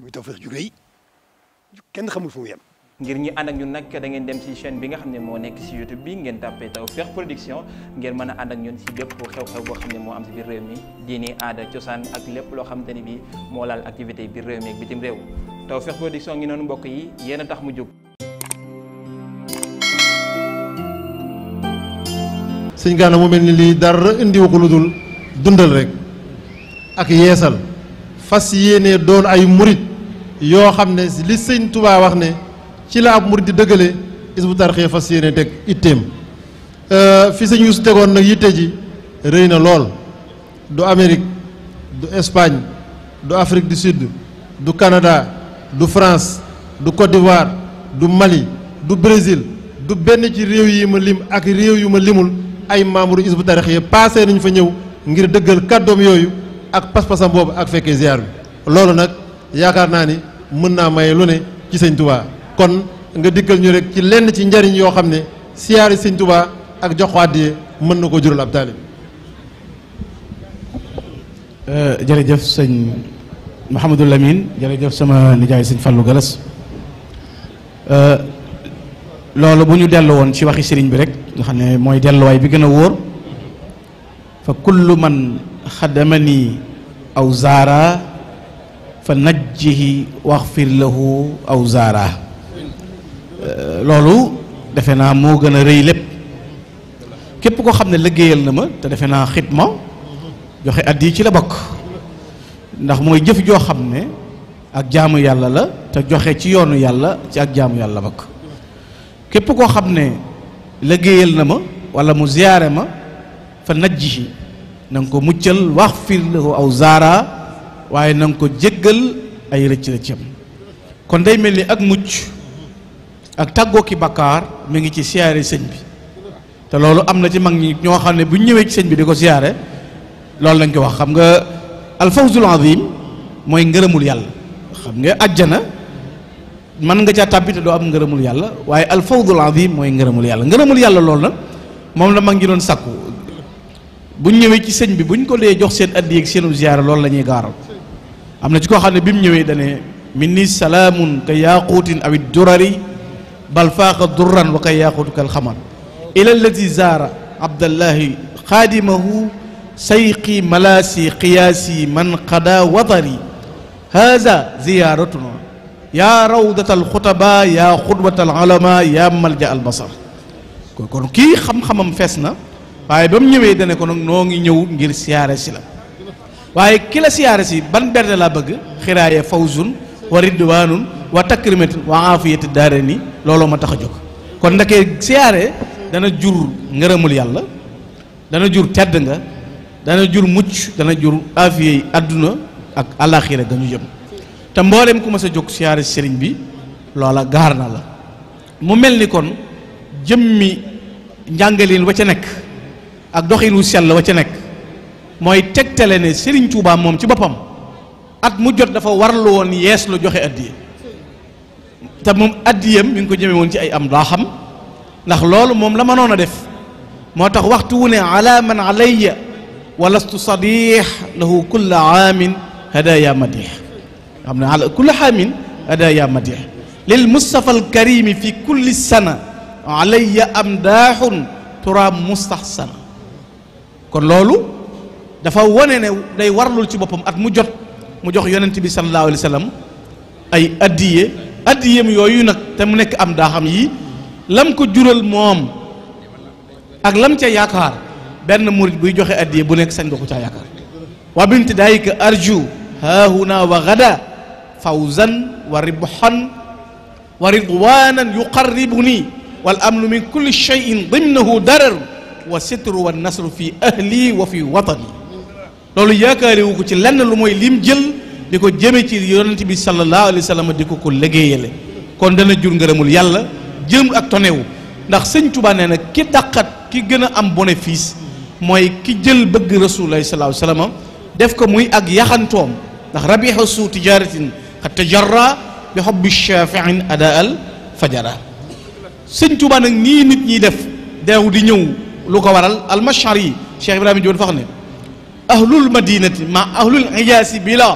muy Tawfekh ju rëy kenn xamul fu ngir ñi ànd ak ñun nag da ngeen dem ci chaine bi nga xam ne moo nekk ci YouTube bi ngeen tàppee Tawfekh Production ngeen mën a ànd ak ñun ci bépp xew-xew boo xam ne moo am ci biir réew mi diini aada cosaan ak lépp loo xamante ni bi moo laal activité biir réew mi ak bitim réew Tawfekh Production ngi noonu mbokk yi yéen a tax mu jóg. sëñ Gana mu mel ni lii dara indiwu ko dundal rek yoo xam ne li sëñ Tuubaa wax ne ci la ab murid di dëggale Hizbut Tarqiyyah fas yéene teg itteem euh, fi sëñ Yuusu tegoon nag yitte ji rëy na lool du Amérique du Espagne du Afrique du Sud du Canada du France du Côte d'Ivoire du Mali du Brésil du benn ci réew yi ma lim ak réew yu ma limul ay membres Hizbut Tarqiyyah passé nañu fa ñëw ngir dëggal kàddoom yooyu ak pas-pasam boobu ak fekkee ziar bi loolu nag yaakaar naa ni mën naa maye lu ne ci sëñ tubaa kon nga dikkal ñu rek ci lenn ci njariñ yoo xam ne siyaari sëñ tubaa ak jox ko àddiyee mën na koo jural ab taalib euh, jërëjëf sëñ Mouhamadou Lamine jërëjëf sama nijaay sëñ Fallou Galas euh, loolu bu ñu dellu woon ci waxi sëriñ bi rek nga xam ne mooy delluwaay bi gën a wóor fa kullu man xadamani aw zaara fa najjihi waxfir lahu aw zaara euh, loolu defe naa moo gën a rëy lépp képp koo xam ne liggéeyal na ma te defe naa ma joxe at yi ci la bokk ndax mooy jëf joo xam ne ak jaamu yàlla la te joxe ci yoonu yàlla ci ak jaamu yàlla bokk képp koo xam ne liggéeyal na ma wala mu ziyaare ma fa najjihi na ko muccal waxfir lahu aw zaara waaye nanga nga ko jéggal ay rëcc-rëccam kon day mel ni ak mucc ak tàggoo ki bakkaar mi ngi ci siyaare sëñ bi te loolu am na ci mag ñi ñoo xam ne bu ñëwee ci sëñ bi di ko siyaare loolu lañ ko wax xam nga alfawzul azim mooy ngërëmul xam nga àjjana mën nga caa tàbbi te doo am ngërëmul yàlla waaye alfawzul azim mooy ngërëmul yàlla ngërëmul yàlla loolu nag moom la mag ñi doon sakku bu ñëwee ci sëñ bi bu ñu ko dee jox seen addi ak seenu siyaare loolu la ñuy gaaral am na ci koo xam ne bi mu ñëwee dane min ni salaamun ka yaaquutin awi durari bal faaqa durran wa ka yaaquutu kal xamar ila allati zaara abdallahi xaadimahu sayqi malaasi qiyaasi man qada watari haza ziyaaratuna yaa rawdata alxutaba yaa xudwata alulama yaa malja albasar kon kii xam-xamam fees na waaye ba mu ñëwee dane ko nag noo ngi ñëw ngir siyaare si la waaye ki la siyaare si ban berde laa bëgg xiraaya fawzun wa ridwanun wa takrimatun wa aafiyati daarayni looloo ma tax a jóg kon ndakee siyaare dana jur ngërëmul yàlla dana jur tedd nga dana jur mucc dana jur aafiya àdduna ak àllaaxira ga ñu jëm te mboolem ku ma sa jóg siyaare seriñ bi loola gaar na la mu mel ni kon jëmmi njàngalin wa ca nekk ak doxin wu sell wa ca nekk mooy tegtale ne Serigne Touba moom ci boppam at mu jot dafa warlu woon yees lu joxe addiya te moom addiyam mi ngi ko jëme woon ci ay am daa ndax loolu moom la mënoon a def moo tax waxtu wu ne ala man alayya walastu sadix lahu kulla aamin hadaya madix xam ne ala kulla aamin hadaya madix lil mustafa alkarimi fi kulli sana alayya amdaaxun turaab mustaxsana kon loolu dafa wone ne day warlul ci boppam at mu jot mu jox yonent bi sallallahu alayhi wa sallam ay addiye addiyem yooyu nag te mu nekk am daa yi lam ko jural moom ak lam ca yaakaar benn murit buy joxe addiye bu nekk sañ nga ko caa yaakaar wa binti daayika arju haahuna wa gada fawzan wa ribhan wa ridwanan yuqarribuni wal amnu min kulli cheyin dimnahu darar wa sitru wa nasru fi ahli wa fi watani loolu yaakaariwu ko ci lenn lu mooy lim jël di ko jëme ci yonent bi sallallahu alayhi wa sallam di ko ko liggéeyale kon dana jur ngërëmul yàlla jëm ak tonewu ndax sëñ Tuubaa nee na ki daqat ki gën a am bénéfice mooy ki jël bëgg rasulullahi sallallahu alayhi wa def ko muy ak yaxantoom ndax rabiha su tijaratin xatta jarra bi xobbi shafiin ada al fajara sëñ Tuubaa nag nii nit ñiy def deew di ñëw lu ko waral almashar yi Cheikh Ibrahima Jóob fax ne ahlul madinati ma ahlul ijaasi bi la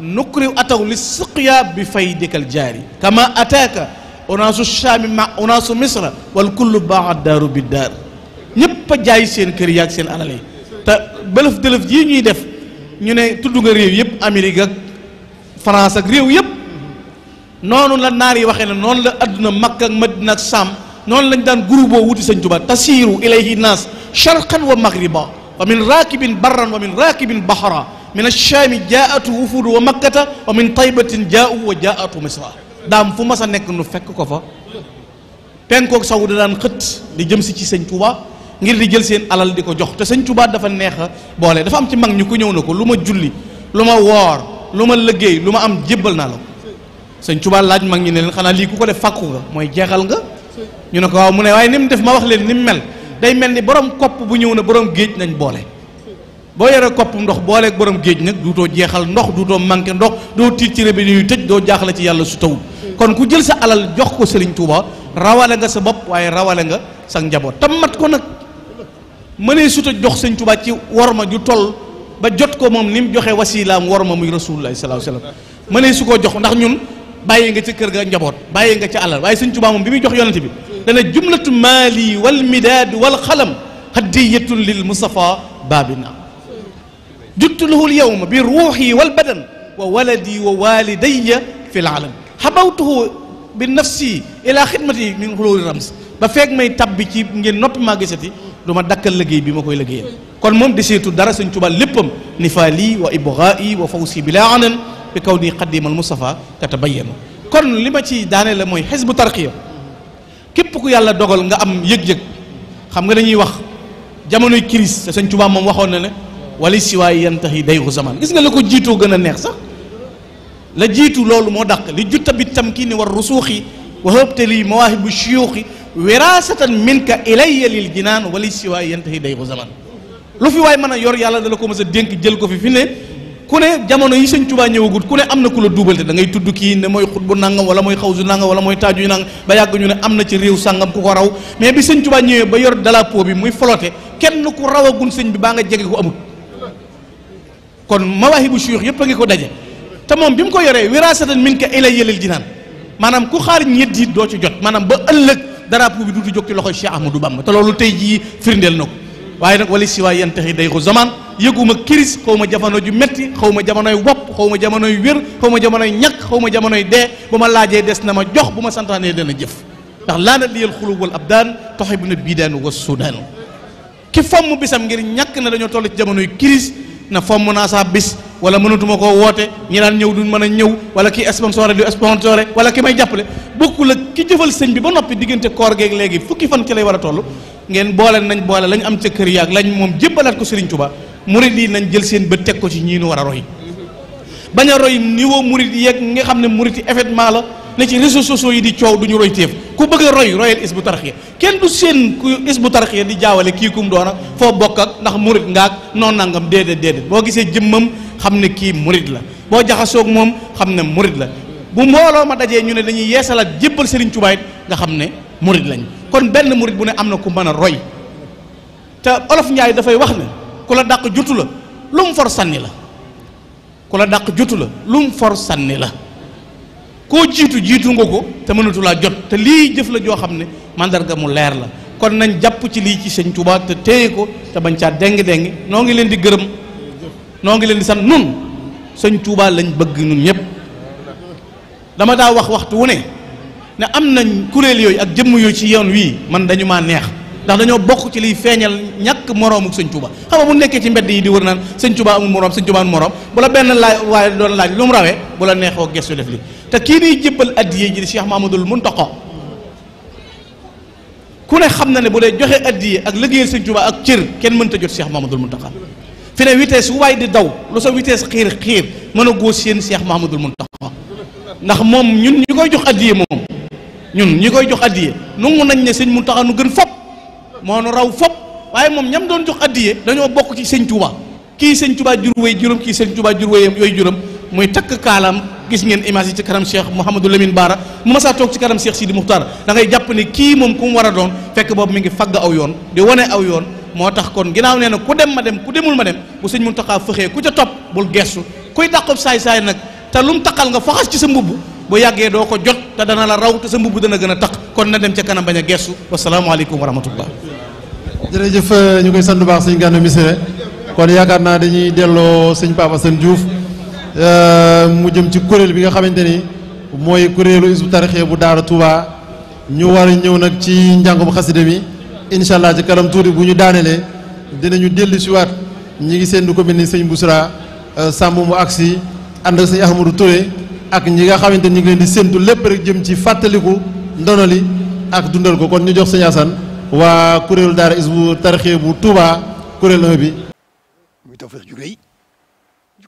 nukri ataw li suqya bi faydikal jaari kama ataaka onaasu shaami ma onaasu misra wal kullu baaxa daaru bi daar ñépp jaay seen kër yaag seen alal yi te bëlëf dëlëf yi ñuy def ñu ne tudd nga réew yëpp Amérique France ak réew yëpp noonu la naar yi waxee na noonu la àdduna Makka ak Madina ak noonu lañ daan guruboo wuti Sëñ Tuubaa tasiiru ilayhi naas sharqan wa maghriba wa min raakibin barran wa min raakibin bahra min achaami jaatu wufudu wa makkata wa min taybatin jaau wa jaatu misra daam fu mas a nekk nu fekk ko fa penkook saw da daan xët di jëm si ci sëñ Touba ngir di jël seen alal di ko jox te sëñ Touba dafa neex a boole dafa am ci mag ñi ku ñëw na ko lu ma julli lu ma woor lu ma liggéey lu ma am jébbal naa la ko sëñ Touba laaj mag ñi ne leen xanaa lii ku ko def fàkku nga mooy jeexal nga ñu ne ko waaw mu ne waaye ni mu def ma wax leen ni mu mel day mel ni borom kopp bu ñëw na borom géej nañu boole boo yore kopp ndox booleeg borom géej nag duutoo jeexal ndox duutoo manqué ndox doo tiit ci rébéni yu tëj doo jaaxle ci yàlla su tawul kon ku jël sa alal jox ko Serigne tuuba rawale nga sa bopp waaye rawale nga sa njaboot tam mat ko nag mënee suta jox Serigne Touba ci ma ju tol ba jot ko moom ni mu joxe wasilaam ma muy rasulullah sallallahu alayhi wasallam mënee su koo jox ndax ñun bàyyi nga ci kër ga njaboot bàyyi nga ci alal waaye Sëñ Tuubaa moom bi muy jox yonante bi dana jumlatu maali wal midaad wal xalam hadiyatun lil Mustafa baabina juttu lahul yowma bi ruuxi wal badan wa waladi wa walidaya fi l alam xabawtuhu bi nafsi ila xidmati min xululi rams ba feeg may tabbi ci ngeen noppi maa gisati du ma dakkal liggéey bi ma koy liggéeyal kon moom deseetu dara Sëñ Tuubaa léppam nifaali wa ibgai wa fawsi bila anan bi kaw nii xaddiimal Moustapha tatabayyanu kon li ma ci daane la mooy xisbu tarqiya képp ku yàlla dogal nga am yëg-yëg xam nga dañuy wax jamonoy crise sa sëñ Tuubaa moom waxoon na ne wala siwaay yan yi day zaman gis nga ko jiitoo gën a neex sax la jiitu loolu moo dàq li jutta bi tam kii ni war rusuuxi wa hëbtali mawaahibu shuyuuxi wiraasatan minka ilayya lil jinaan wala siwaay yan yi day zaman lu fi waay mën a yor yàlla dala ko mës a dénk jël ko fi fi ne ku ne jamono yi sëñ Tuubaa ñëwagut ku ne am na ku la duubalte da ngay tudd kii ne mooy xutbu nangam wala mooy xawsu nangam wala mooy taaju nangam ba yàgg ñu ne am na ci réew sàngam ku ko raw mais bi sëñ Tuubaa ñëwee ba yor po bi muy folote kenn ku rawagun sañ bi baa nga jege ko amul kon mawaahibu shuyuux yëpp a ngi ko daje te moom bi mu ko yoree wiraasatan la ila yëlal naan maanaam ku xaar ñett yi doo ci jot maanaam ba ëllëg drapeau bi du di jóg ci loxoy Cheikh Ahmadou Bamba te loolu tey jii firndeel na ko waaye nag wala waay yan taxi day ko zaman yëguma kiris xaw ma jamono ju metti xaw ma jamonoy wopp xaw ma jamonoy wér xaw ma jamonoy ñàkk xaw ma jamonoy dee bu ma laajee des na ma jox bu ma santaanee dana jëf ndax laana liyal xulub wal abdaan toxibu na biidaan wa sudaan ki fomm bisam ngir ñàkk na dañoo toll ci jamonoy kiris na fomm naa saa bis wala mënatuma koo woote ñi daan ñëw duñ mën a ñëw wala ki sponsoré du sponsoré wala ki may jàppale bokkul ak ki jëfal sëñ bi ba noppi diggante koor geeg léegi fukki fan ci lay war toll ngeen boole nañ boole lañ am ca kër yaag lañ moom jébbalaat ko Serigne Touba murid yi nañ jël seen bët teg ko ci ñii nu war a roy bañ a roy niveau murid yeeg nga xam ne murid yi effectivement la ne ci réseaux sociaux yi di coow du ñu roy téef ku bëgg a roy royal bu tarxiya kenn du seen ku isbu tarxiya di jaawale kii kum doona foo bokk ak ndax murid ngaak noon nangam déedéet déedéet boo gisee jëmmam xam ne kii murid la boo jaxasoog moom xam ne murid la bu mbooloo ma dajee ñu ne dañuy yeesalaat jébbal Serigne Touba it nga xam ne murid lañ kon benn murid bu ne am na ku mën a roy te olof Njaay dafay wax ne ku la dàq jotu la lu for sànni la ku la dàq jotu la lum for sànni la koo jiitu jiitu nga ko te mënatu laa jot te lii jëf la joo xam ne màndarga mu leer la kon nañ jàpp ci lii ci sëñ Tuubaa te téye ko te bañ caa déng-déng noo ngi leen di gërëm noo ngi leen di sant nun sëñ Tuubaa lañ bëgg nun ñëpp dama daa wax waxtu wu ne ne am nañ kuréel yooyu ak jëmm yooyu ci yoon wii man dañu maa neex ndax dañoo bokk ci liy feeñal ñàkk moroomu sëñ Tuuba xam nga bu nekkee ci mbedd yi di wër naan sëñ Tuuba amul moroom sëñ Tuuba amul moroom bu la benn laaj waaye doon laaj lu mu rawee bu la neexoo gestu def li te kii niy jébbal addiye ji di Cheikh Mamadul Muntaqa ku ne xam na ne bu dee joxe addiye ak liggéeyal sëñ Tuuba ak cër kenn mënta jot Cheikh Mamadul Muntaqa fi ne vitesse su waay di daw lu sa vitesse xiir xiir mën a góos seen Cheikh Mamadul Muntaqa ndax moom ñun ñi koy jox addiye moom ñun ñi koy jox addiye nangu nañ ne sëñ Muntaqa nu gën fopp moo nu raw fop waaye moom ñam doon jox addiye dañoo bokk ci señ Touba kii sëñ Touba jur wéy juróom kii sëñ Touba jur wéyam yooyu juróom muy takk kaalaam gis ngeen image yi ci kanam Cheikh Mouhamadou Lamine Baara mu masaa toog ci kanam Cheikh Sidi Muxtaar da ngay jàpp ne kii moom ku mu war a doon fekk boobu mi ngi fagg aw yoon di wane aw yoon moo tax kon ginnaaw nee na ku dem ma dem ku demul ma dem bu sëñ Muntaxa fëxee ku ca topp bul gestu kuy dàqob saay-saay nag te lu mu taqal nga faxas ci sa mbubb bu yàggee doo ko jot te dana la raw te sa mbubb dana gën a taq kon na dem ca kanam bañ a gestu wasalaamualeykum wa rahmatullah jërëjëf ñu koy sant bu baax sëñ Gana Messere kon yaakaar naa dañuy delloo sëñ Papa Sën Diouf euh, mu jëm ci kuréel bi nga xamante ni mooy kuréelu Hizbut Tarqiyyah bu Daara Touba ñu war a nag ci njàngum xasida mi incha allah ci kanam bu ñu daanelee dinañu dellu siwaat waat ñi ngi seen du ko mel ni sëñ Bousra euh, Samb mu agsi ànd ak sëñ Ahmadou Touré ak ñi nga xamante ni ñu leen di séntu lépp rek jëm ci fàttaliku ndono li ak dundal ko kon ñu jox sëñ Assane waa kuréelu daara isbu tarxee bu Touba kuréel 1 bi. muy Tawfekh ju rëy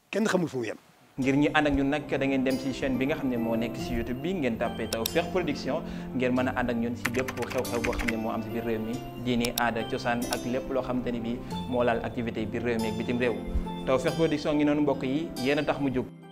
kenn xamul fu mu yem. ngir ñi ànd ak ñun nag da ngeen dem ci chain bi nga xam ne moo nekk ci YouTube bi ngeen tàppee Tawfekh Production ngeen mën a ànd ak ñun ci bépp xew-xew boo xam ne moo am ci biir réew mi diini aada cosaan ak lépp loo xamante ni bi moo laal activité biir réew mi ak bitim réew Tawfekh Production ngi noonu mbokk yi yéen a tax mu jóg.